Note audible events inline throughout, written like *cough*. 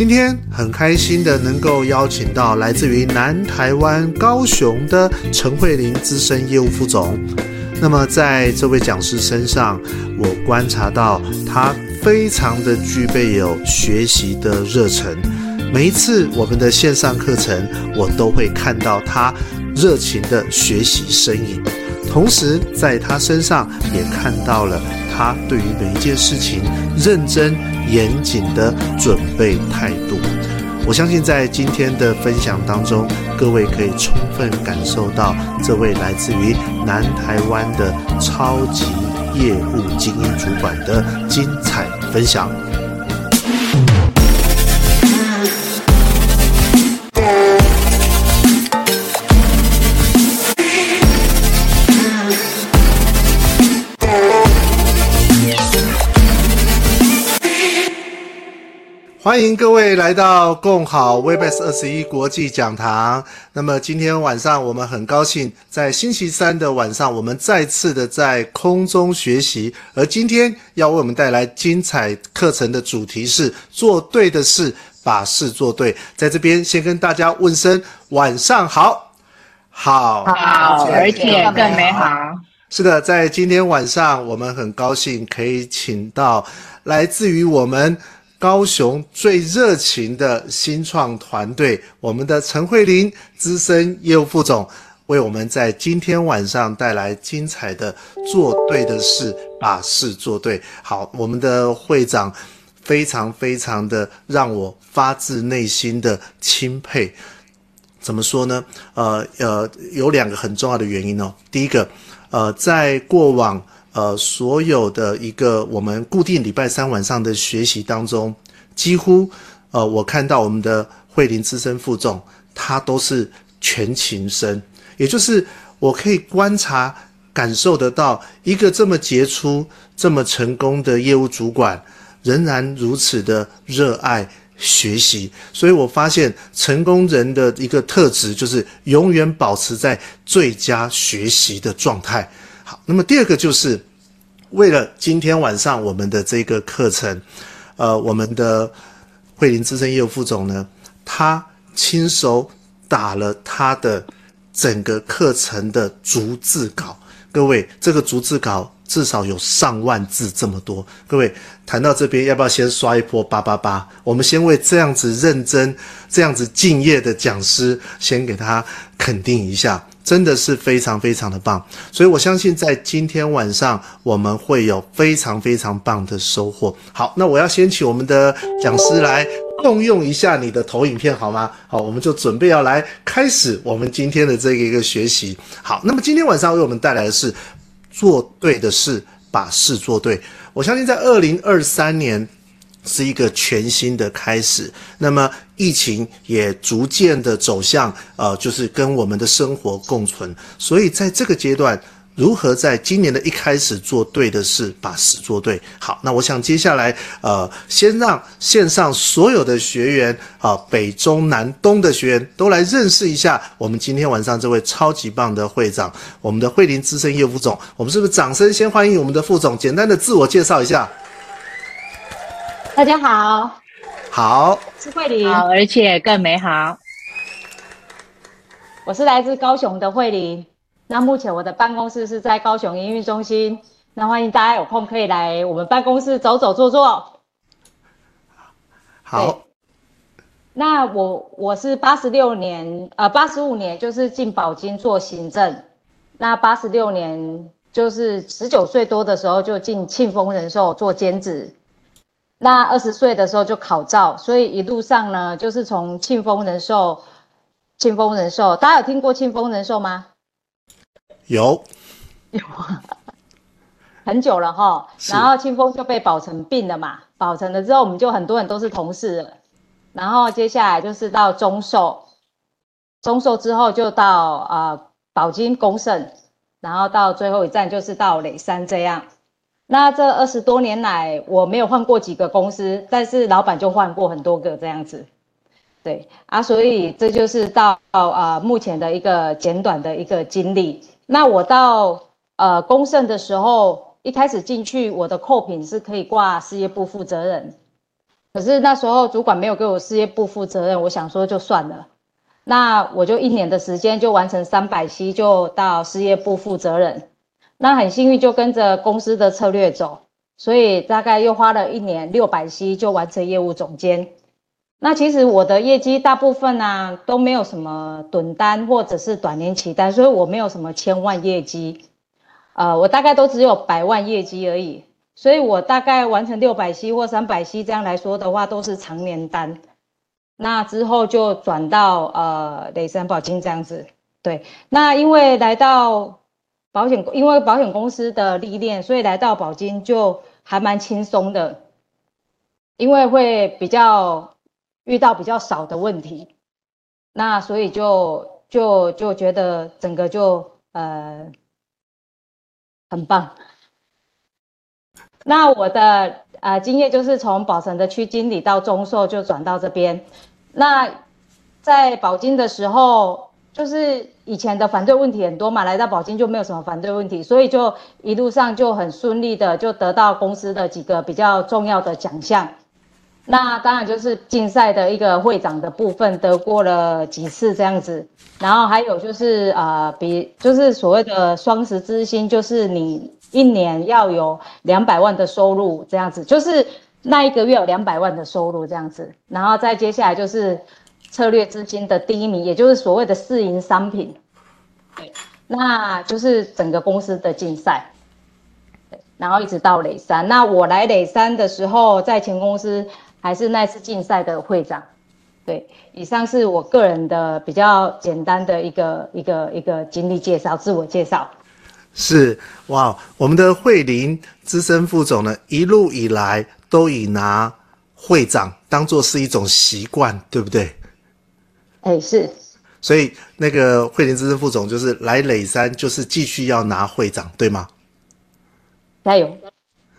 今天很開心的能夠邀請到來自於南台灣高雄的陳慧玲資深業務副總。那麼在這位講師身上，我觀察到他非常的具備有學習的熱忱。每一次我們的線上課程，我都會看到他熱情的學習身影。同時在他身上也看到了。他對於每一件事情認真嚴謹的準備態度，我相信在今天的分享當中，各位可以充分感受到這位來自於南台灣的超級業務精英主管的精彩分享。歡迎各位來到共好 Webex 21國際講堂。那麼今天晚上我們很高興，在星期三的晚上，我們再次的在空中學習。而今天要為我們帶來精彩課程的主題是“做對的事，把事做對”。在這邊先跟大家問聲晚上好，好，好，而且位更美好。是的，在今天晚上，我們很高興可以請到來自於我們。高雄最熱情的新創團隊，我們的陳慧玲資深業務副總，為我們在今天晚上帶來精彩的“做對的事，把事做對”。好，我們的會長非常非常的讓我發自內心的欽佩，怎麼說呢？呃呃，有兩個很重要的原因哦。第一個，呃，在過往。呃，所有的一個我們固定禮拜三晚上的學習當中，幾乎，呃，我看到我們的慧玲資深副總，他都是全勤生，也就是我可以觀察、感受得到，一個這麼傑出、這麼成功的業務主管，仍然如此的熱愛學習。所以我發現，成功人的一個特質，就是永遠保持在最佳學習的狀態。好，那麼第二個就是為了今天晚上我們的這個課程，呃，我們的慧玲資深業務副總呢，他親手打了他的整個課程的逐字稿。各位，這個逐字稿至少有上萬字這麼多。各位談到這邊，要不要先刷一波八八八？我們先為這樣子認真、這樣子敬業的講師，先給他肯定一下。真的是非常非常的棒，所以我相信在今天晚上我們會有非常非常棒的收穫。好，那我要先請我們的講師來共用一下你的投影片，好嗎？好，我們就準備要來開始我們今天的這個一個學習。好，那麼今天晚上為我們帶來的是做對的事，把事做對。我相信在二零二三年。是一個全新的開始，那麼疫情也逐漸的走向，呃，就是跟我們的生活共存，所以在這個階段，如何在今年的一開始做對的事，把事做對。好，那我想接下來，呃，先讓線上所有的學員啊、呃，北中南東的學員都來認識一下我們今天晚上這位超級棒的會長，我們的慧玲資深業務副總，我們是不是掌聲先歡迎我們的副總，簡單的自我介紹一下。大家好，好，是慧玲，而且更美好。我是來自高雄的慧玲，那目前我的辦公室是在高雄營運中心，那歡迎大家有空可以來我們辦公室走走坐坐。好，那我我是八十六年，呃，八十五年就是進寶金做行政，那八十六年就是十九歲多的時候就進慶豐人壽做兼職。那二十歲的時候就考照，所以一路上呢，就是從慶豐人壽、慶豐人壽，大家有聽過慶豐人壽嗎？有，有，很久了哈。然後慶豐就被保誠併了嘛，保誠了之後，我們就很多人都是同事。然後接下來就是到中壽，中壽之後就到呃保金、公盛，然後到最後一站就是到磊山這樣。那這二十多年來，我沒有換過幾個公司，但是老闆就換過很多個這樣子，對啊，所以這就是到啊、呃、目前的一個簡短的一個經歷。那我到呃公勝的時候，一開始進去，我的扣品是可以掛事業部負責人，可是那時候主管沒有給我事業部負責人，我想說就算了，那我就一年的時間就完成三百期，就到事業部負責人。那很幸運，就跟着公司的策略走，所以大概又花了一年六百 C 就完成業務總監。那其實我的業績大部分呢、啊、都沒有什麼短單或者是短年期單，所以我沒有什麼千萬業績，呃，我大概都只有百萬業績而已。所以我大概完成六百 C 或三百 C 這樣來說的話，都是長年單。那之後就轉到呃磊山保經這樣子。對，那因為來到。保險，因為保險公司的歷練，所以來到保金就還蠻輕鬆的，因為會比較遇到比較少的問題，那所以就就就覺得整個就呃很棒。那我的呃經驗就是從保誠的區經理到中壽就轉到這邊，那在保金的時候。就是以前的反對問題很多嘛，來到保金就沒有什麼反對問題，所以就一路上就很順利的就得到公司的幾個比較重要的獎項。那當然就是競賽的一個會長的部分得過了幾次這樣子，然後還有就是啊、呃，比就是所謂的雙十之星，就是你一年要有兩百萬的收入這樣子，就是那一個月有兩百萬的收入這樣子，然後再接下來就是。策略資金的第一名，也就是所謂的試營商品，對，那就是整個公司的競賽，對，然後一直到壘山。那我來壘山的時候，在前公司還是那次競賽的會長，對。以上是我個人的比較簡單的一個一個一個經歷介紹，自我介紹。是哇，我們的慧玲資深副總呢，一路以來都以拿會長當做是一種習慣，對不對？哎、欸，是，所以那個慧玲資深副總就是來磊山，就是繼續要拿會長，對嗎？加油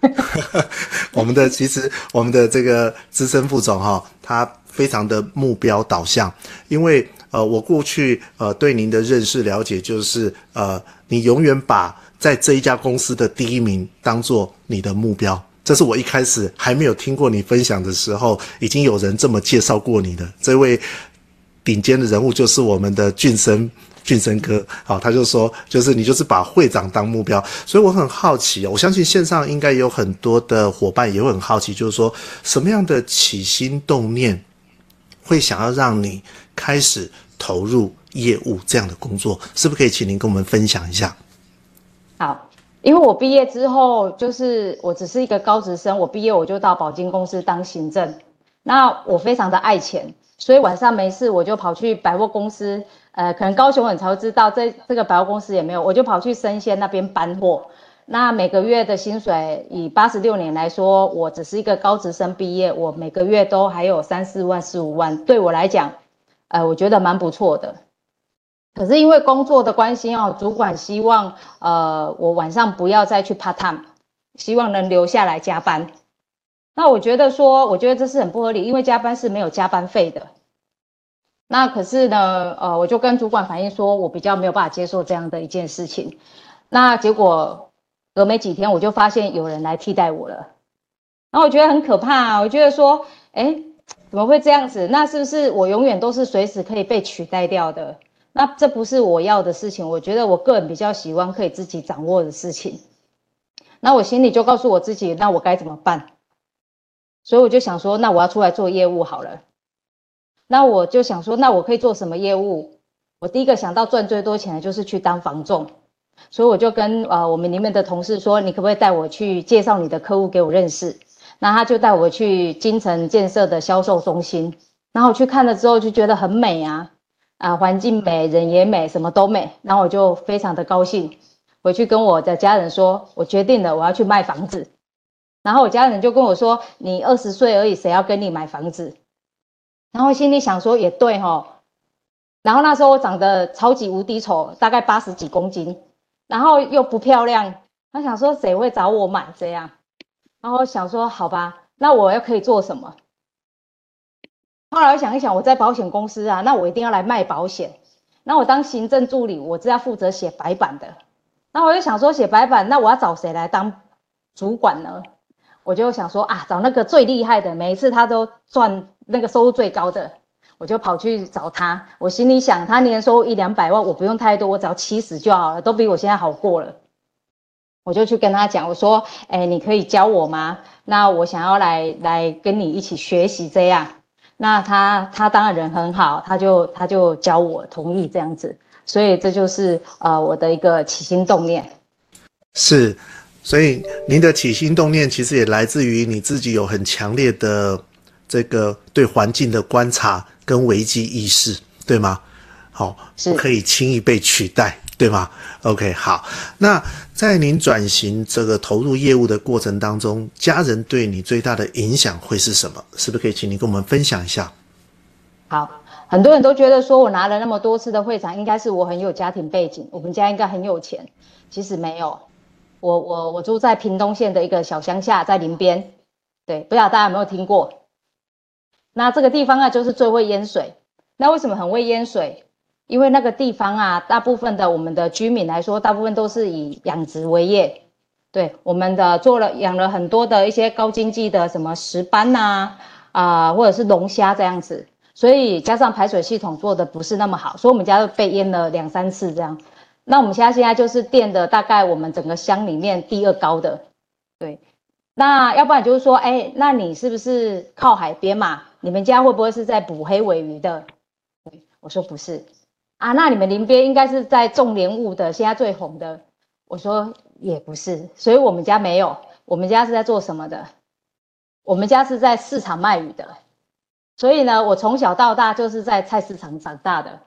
帶有！ *laughs* *laughs* 我們的其實我們的這個資深副總哈、哦，他非常的目標導向，因為呃，我過去呃對您的認識了解就是呃，你永遠把在這一家公司的第一名當作你的目標，這是我一開始還沒有聽過你分享的時候，已經有人這麼介紹過你的這位。頂尖的人物就是我們的俊生，俊生哥好，啊，他就說，就是你就是把會長當目標，所以我很好奇，我相信線上應該有很多的夥伴也會很好奇，就是說什麼樣的起心動念會想要讓你開始投入業務這樣的工作，是不是可以請您跟我們分享一下？好，因為我畢業之後，就是我只是一個高職生，我畢業我就到保經公司當行政，那我非常的愛錢。所以晚上沒事，我就跑去百貨公司，呃，可能高雄很潮，知道在這，這個百貨公司也沒有，我就跑去生鮮那邊搬貨。那每個月的薪水，以八十六年來說，我只是一個高職生畢業，我每個月都還有三四萬、四五萬，對我來講，呃，我覺得蠻不錯的。可是因為工作的關係哦，主管希望，呃，我晚上不要再去 part time，希望能留下來加班。那我覺得說，我覺得這是很不合理，因為加班是沒有加班費的。那可是呢，呃，我就跟主管反映說，我比較沒有辦法接受這樣的一件事情。那結果隔沒幾天，我就發現有人來替代我了。那我覺得很可怕啊！我覺得說，哎，怎麼會這樣子？那是不是我永遠都是隨時可以被取代掉的？那這不是我要的事情。我覺得我個人比較喜歡可以自己掌握的事情。那我心裡就告訴我自己，那我該怎麼辦？所以我就想說，那我要出來做業務好了。那我就想說，那我可以做什麼業務？我第一個想到賺最多錢的就是去當房仲。所以我就跟呃我們裡面的同事說，你可不可以帶我去介紹你的客戶給我認識？那他就帶我去京城建設的銷售中心。然後去看了之後，就覺得很美啊啊，環境美，人也美，什麼都美。然後我就非常的高興，回去跟我的家人說，我決定了，我要去賣房子。然後我家人就跟我說：“你二十歲而已，誰要跟你買房子？”然後心裡想說：“也對哈。”然後那時候我長得超級無敵醜，大概八十幾公斤，然後又不漂亮，他想說：“誰會找我買這樣？”然後我想說：“好吧，那我又可以做什麼？”後來我想一想，我在保險公司啊，那我一定要來賣保險。那我當行政助理，我是要負責寫白板的。那我又想說，寫白板，那我要找誰來當主管呢？我就想說啊，找那個最厲害的，每一次他都賺那個收入最高的，我就跑去找他。我心裡想，他年收入一兩百萬，我不用太多，我只要七十就好了，都比我現在好過了。我就去跟他講，我說：“哎、欸，你可以教我嗎？那我想要來來跟你一起學習這樣。”那他他當然人很好，他就他就教我同意這樣子。所以這就是呃，我的一個起心動念，是。所以您的起心動念其實也來自於你自己有很強烈的這個對環境的觀察跟危機意識，對嗎？好，是不可以輕易被取代，對嗎？OK，好。那在您轉型這個投入業務的過程當中，家人對你最大的影響會是什麼？是不是可以請你跟我們分享一下？好，很多人都覺得說我拿了那麼多次的會長，應該是我很有家庭背景，我們家應該很有錢，其實沒有。我我我住在屏東縣的一個小鄉下，在林邊，對，不知道大家有沒有聽過？那這個地方啊，就是最會淹水。那為什麼很會淹水？因為那個地方啊，大部分的我們的居民來說，大部分都是以養殖為業，對，我們的做了養了很多的一些高經濟的，什麼石斑吶、啊，啊、呃，或者是龍蝦這樣子，所以加上排水系統做得不是那麼好，所以我們家都被淹了兩三次這樣。那我們現在現在就是墊的大概我們整個鄉裡面第二高的，對。那要不然就是說，哎，那你是不是靠海邊嘛？你們家會不會是在捕黑鮪魚的？我說不是啊，那你們林邊應該是在種蓮霧的，現在最紅的。我說也不是，所以我們家沒有，我們家是在做什麼的？我們家是在市場賣魚的，所以呢，我從小到大就是在菜市場長大的。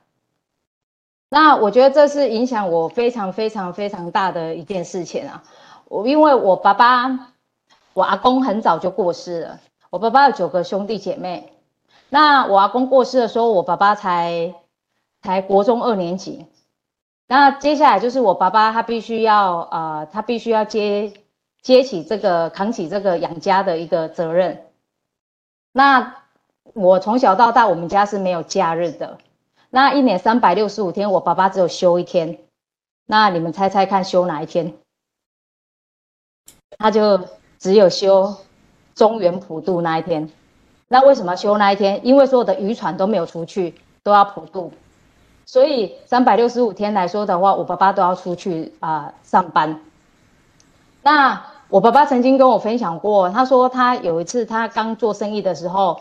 那我覺得這是影響我非常非常非常大的一件事情啊。我因為我爸爸，我阿公很早就過世了。我爸爸有九個兄弟姐妹。那我阿公過世的時候，我爸爸才才國中二年級。那接下來就是我爸爸他必須要呃，他必須要接接起這個扛起這個養家的一個責任。那我從小到大，我們家是沒有假日的。那一年三百六十五天，我爸爸只有休一天。那你們猜猜看，休哪一天？他就只有休中原普渡那一天。那為什麼休那一天？因為所有的漁船都沒有出去，都要普渡。所以三百六十五天來說的話，我爸爸都要出去啊、呃、上班。那我爸爸曾經跟我分享過，他說他有一次他剛做生意的時候，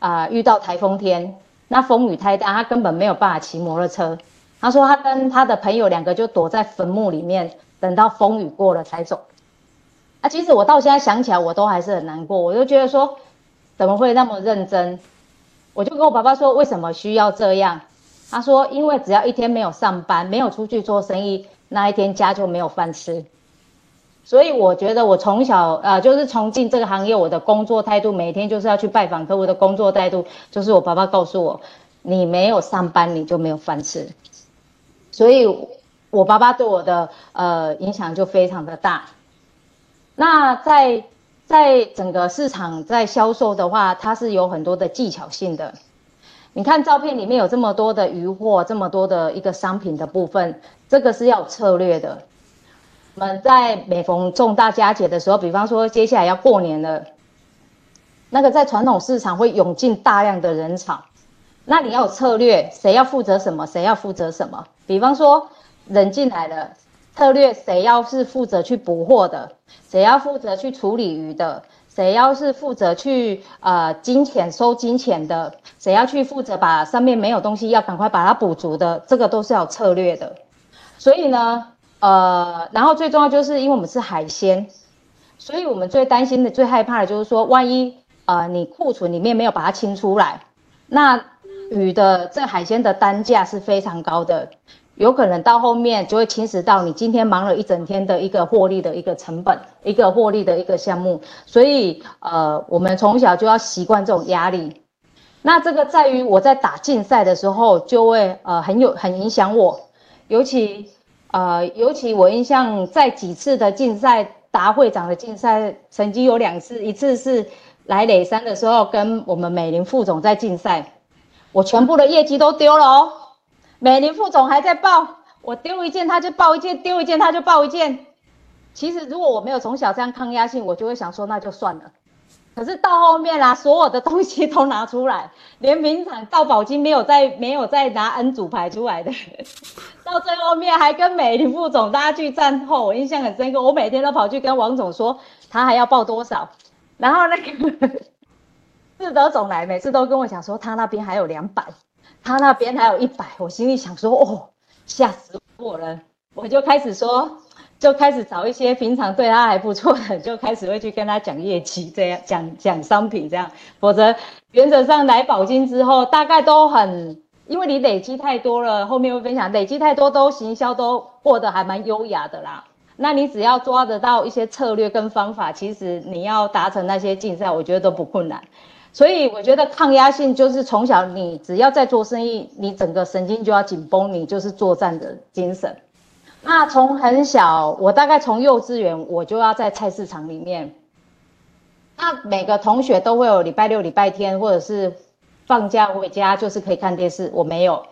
啊、呃、遇到台風天。那風雨太大，他根本沒有辦法騎摩托車。他說他跟他的朋友兩個就躲在墳墓裡面，等到風雨過了才走。啊，其實我到現在想起來，我都還是很難過。我就覺得說，怎麼會那麼認真？我就跟我爸爸說，為什麼需要這樣？他說，因為只要一天沒有上班，沒有出去做生意，那一天家就沒有飯吃。所以我覺得我從小啊、呃，就是從進這個行業，我的工作態度，每天就是要去拜訪客戶的工作態度，就是我爸爸告訴我，你沒有上班你就沒有飯吃，所以我爸爸對我的呃影響就非常的大。那在在整個市場在銷售的話，它是有很多的技巧性的。你看照片裡面有這麼多的漁獲，這麼多的一個商品的部分，這個是要有策略的。我們在每逢重大佳節的時候，比方說接下來要過年了，那個在傳統市場會湧進大量的人潮，那你要有策略，誰要負責什麼，誰要負責什麼？比方說人進來了，策略誰要是負責去補貨的，誰要負責去處理魚的，誰要是負責去呃金錢收金錢的，誰要去負責把上面沒有東西要趕快把它補足的，這個都是要有策略的，所以呢。呃，然後最重要就是，因為我們是海鮮，所以我們最擔心的、最害怕的就是說，萬一呃你庫存裡面沒有把它清出來，那魚的這海鮮的單價是非常高的，有可能到後面就會侵蝕到你今天忙了一整天的一個獲利的一個成本、一個獲利的一個項目。所以呃，我們從小就要習慣這種壓力。那這個在於我在打競賽的時候，就會呃很有很影響我，尤其。呃，尤其我印象在幾次的競賽，達會長的競賽，曾經有兩次，一次是來磊山的時候，跟我們美林副總在競賽，我全部的業績都丟了哦。美林副總還在報，我丟一件他就報一件，丟一件他就報一件。其實如果我沒有從小這樣抗壓性，我就會想說那就算了。可是到後面啦、啊，所有的東西都拿出來，連名場到寶金沒有再沒有再拿 N 組牌出來的，到最後面還跟美林副總拉鋸戰後，我印象很深刻。我每天都跑去跟王總說，他還要報多少，然後那個志德總來，每次都跟我講說他那邊還有兩百，他那邊還有一百，我心裡想說哦，嚇死我了，我就開始說。就開始找一些平常對他還不錯的，就開始會去跟他講業績，這樣講講商品這樣，否則原則上來保金之後，大概都很，因為你累積太多了，後面會分享累積太多都行銷都過得還蠻優雅的啦。那你只要抓得到一些策略跟方法，其實你要達成那些競賽，我覺得都不困難。所以我覺得抗壓性就是從小你只要在做生意，你整個神經就要緊繃，你就是作戰的精神。那從很小，我大概從幼稚園我就要在菜市場裡面。那每個同學都會有禮拜六、禮拜天，或者是放假回家，就是可以看電視。我沒有，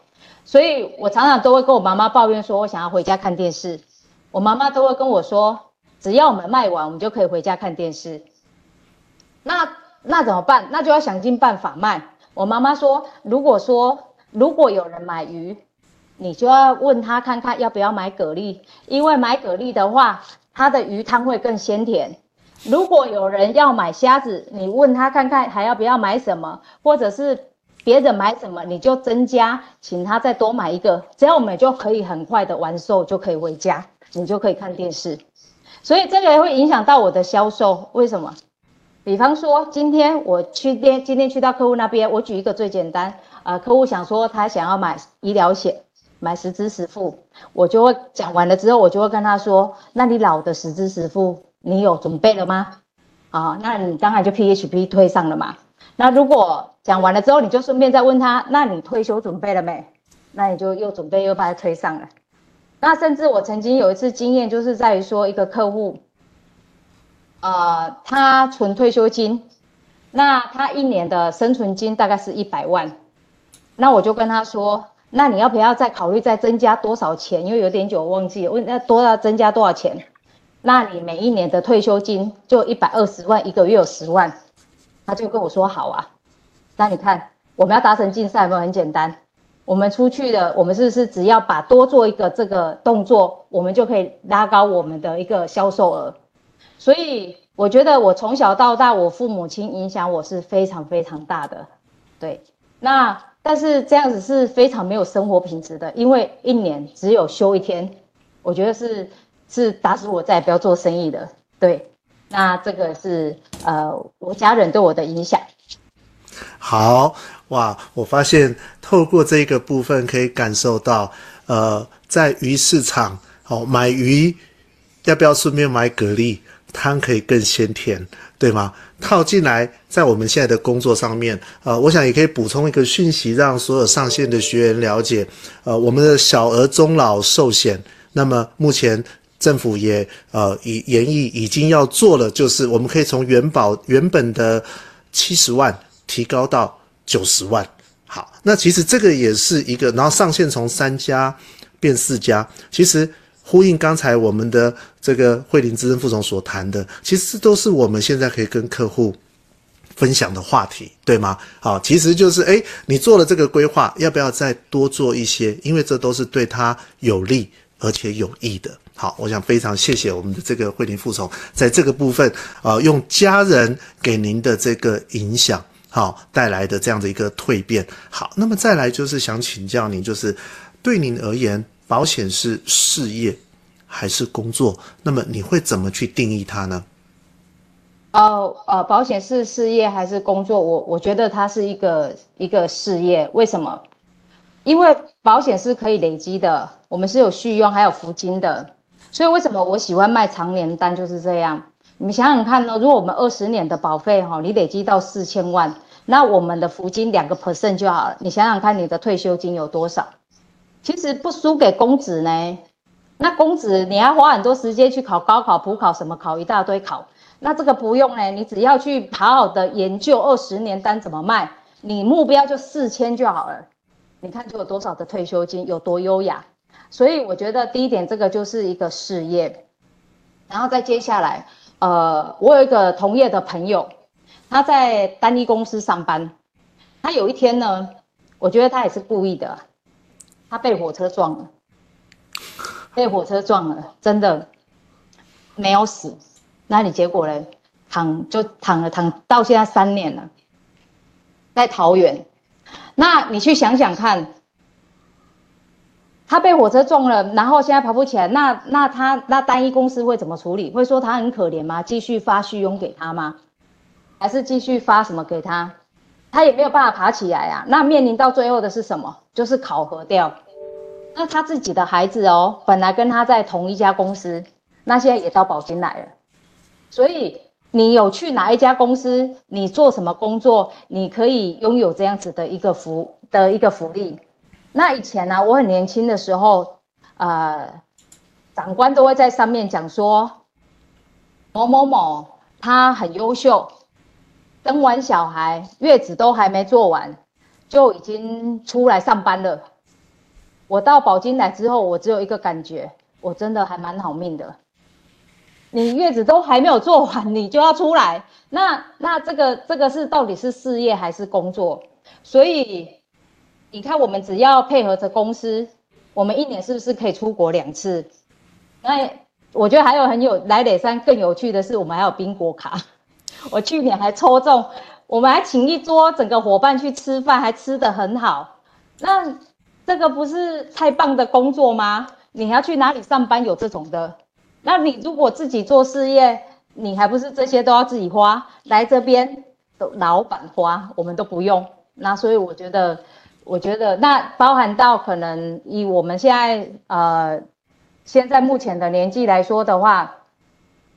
所以我常常都會跟我媽媽抱怨說，我想要回家看電視。我媽媽都會跟我說，只要我們賣完，我們就可以回家看電視。那那怎麼辦？那就要想盡辦法賣。我媽媽說，如果說如果有人買魚，你就要問他看看要不要買蛤蜊，因為買蛤蜊的話，他的魚湯會更鮮甜。如果有人要買蝦子，你問他看看還要不要買什麼，或者是別人買什麼，你就增加，請他再多買一個，這樣我們就可以很快的完售，就可以回家，你就可以看電視。所以這個也會影響到我的銷售。為什麼？比方說今天我去店，今天去到客戶那邊，我舉一個最簡單呃，客戶想說他想要買醫療險。買實支實付，我就會講完了之後，我就會跟他說：“那你老的實支實付，你有準備了嗎？”啊，那你當然就 PHP 推上了嘛。那如果講完了之後，你就順便再問他：“那你退休準備了沒？”那你就又準備又把它推上了。那甚至我曾經有一次經驗，就是在於說一個客戶，呃，他存退休金，那他一年的生存金大概是一百萬，那我就跟他說。那你要不要再考慮再增加多少錢？因為有點久我忘記了，問那多要增加多少錢？那你每一年的退休金就一百二十萬，一個月有十萬，他就跟我說好啊。那你看我們要達成競賽有沒有？很簡單，我們出去的，我們是不是只要把多做一個這個動作，我們就可以拉高我們的一個銷售額？所以我覺得我從小到大，我父母親影響我是非常非常大的。對，那。但是這樣子是非常沒有生活品質的，因為一年只有休一天，我覺得是是打死我在，再也不要做生意的。對，那這個是呃我家人對我的影響。好哇，我發現透過這個部分可以感受到，呃，在魚市場哦買魚，要不要順便買蛤蜊？湯可以更鮮甜，對嗎？靠進來在我們現在的工作上面，呃，我想也可以補充一個訊息，讓所有上線的學員了解，呃，我們的小額中老壽險，那麼目前政府也呃已研議已經要做了，就是我們可以從原保原本的七十萬提高到九十萬。好，那其實這個也是一個，然後上線從三家變四家，其實。呼應剛才我們的這個慧玲資深副總所談的，其實都是我們現在可以跟客戶分享的話題，對嗎？好，其實就是誒，你做了這個規劃，要不要再多做一些？因為這都是對他有利而且有益的。好，我想非常謝謝我們的這個慧玲副總，在這個部分，啊、呃，用家人給您的這個影響，好帶來的這樣的一個蛻變。好，那麼再來就是想請教您，就是對您而言。保險是事業還是工作？那麼你會怎麼去定義它呢？哦哦，呃、保險是事業還是工作？我我覺得它是一個一個事業。為什麼？因為保險是可以累積的，我們是有續用還有福金的。所以為什麼我喜歡賣長年單就是這樣？你們想想看呢？如果我們二十年的保費哈、哦，你累積到四千萬，那我們的福金兩個 percent 就好了。你想想看，你的退休金有多少？其實不輸給公子呢，那公子你要花很多時間去考高考、普考什麼，考一大堆考。那這個不用呢，你只要去好好的研究二十年單怎麼賣，你目標就四千就好了。你看就有多少的退休金，有多優雅。所以我覺得第一點，這個就是一個事業。然後再接下來，呃，我有一個同業的朋友，他在單一公司上班。他有一天呢，我覺得他也是故意的啊。他被火車撞了，被火車撞了，真的沒有死。那你結果呢？躺就躺了，躺到現在三年了，在桃園。那你去想想看，他被火車撞了，然後現在爬不起來，那那他那單一公司會怎麼處理？會說他很可憐嗎？繼續發續佣給他嗎？還是繼續發什麼給他？他也沒有辦法爬起來啊。那面臨到最後的是什麼？就是考核掉，那他自己的孩子哦，本來跟他在同一家公司，那現在也到保金來了。所以你有去哪一家公司，你做什麼工作，你可以擁有這樣子的一個福的一個福利。那以前呢，啊，我很年輕的時候，呃，長官都會在上面講說某某某他很優秀，生完小孩月子都還沒做完。就已經出來上班了。我到保經來之後，我只有一個感覺，我真的還蠻好命的。你月子都還沒有做完，你就要出來那，那那這個這個是到底是事業還是工作？所以，你看我們只要配合着公司，我們一年是不是可以出國兩次？那我覺得還有很有來磊山更有趣的是，我們還有賓果卡，我去年還抽中。我們還請一桌整個夥伴去吃飯，還吃得很好，那這個不是太棒的工作嗎？你還要去哪裡上班有這種的？那你如果自己做事業，你還不是這些都要自己花？來這邊的老闆花，我們都不用。那所以我覺得，我覺得那包含到可能以我們現在呃現在目前的年紀來說的話，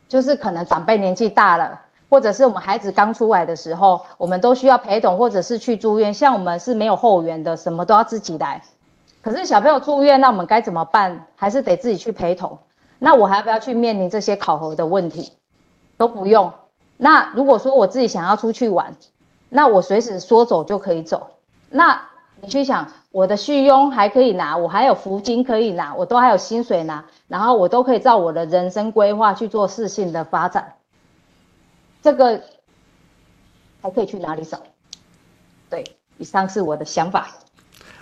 就是可能長輩年紀大了。或者是我們孩子剛出來的時候，我們都需要陪同，或者是去住院。像我們是沒有後援的，什麼都要自己來。可是小朋友住院，那我們該怎麼辦？還是得自己去陪同。那我還要不要去面臨這些考核的問題？都不用。那如果說我自己想要出去玩，那我隨時說走就可以走。那你去想，我的續佣還可以拿，我還有福金可以拿，我都還有薪水拿，然後我都可以照我的人生規劃去做事情的發展。這個還可以去哪裡找？對，以上是我的想法。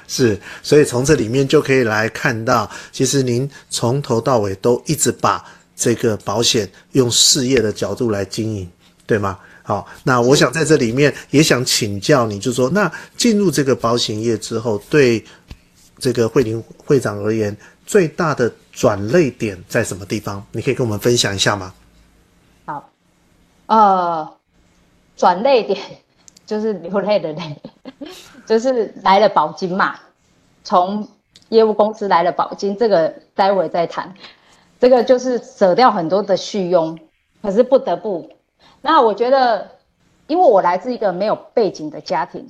是，所以從這裡面就可以來看到，其實您從頭到尾都一直把這個保險用事業的角度來經營，對嗎？好，那我想在這裡面也想請教你，就說那進入這個保險業之後，對這個慧玲會長而言，最大的轉捩點在什麼地方？你可以跟我們分享一下嗎？呃，轉淚點，就是流淚的淚，就是來了保金嘛，從業務公司來了保金，這個待會再談，這個就是捨掉很多的續佣，可是不得不。那我覺得，因為我來自一個沒有背景的家庭，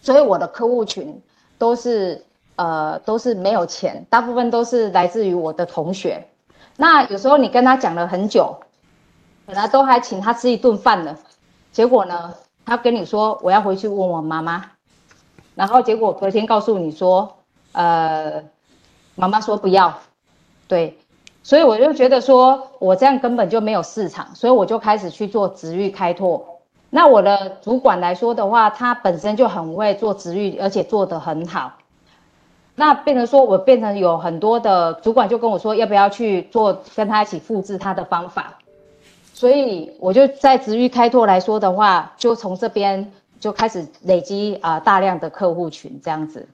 所以我的客戶群都是呃都是沒有錢，大部分都是來自於我的同學，那有時候你跟他講了很久。本來都還請他吃一頓飯呢，結果呢，他跟你說我要回去問我媽媽，然後結果隔天告訴你說，呃，媽媽說不要，對，所以我就覺得說我這樣根本就沒有市場，所以我就開始去做職域開拓。那我的主管來說的話，他本身就很會做職域，而且做得很好，那變成說我變成有很多的主管就跟我說要不要去做，跟他一起複制他的方法。所以我就在職域開拓來說的話，就從這邊就開始累積啊大量的客戶群這樣子。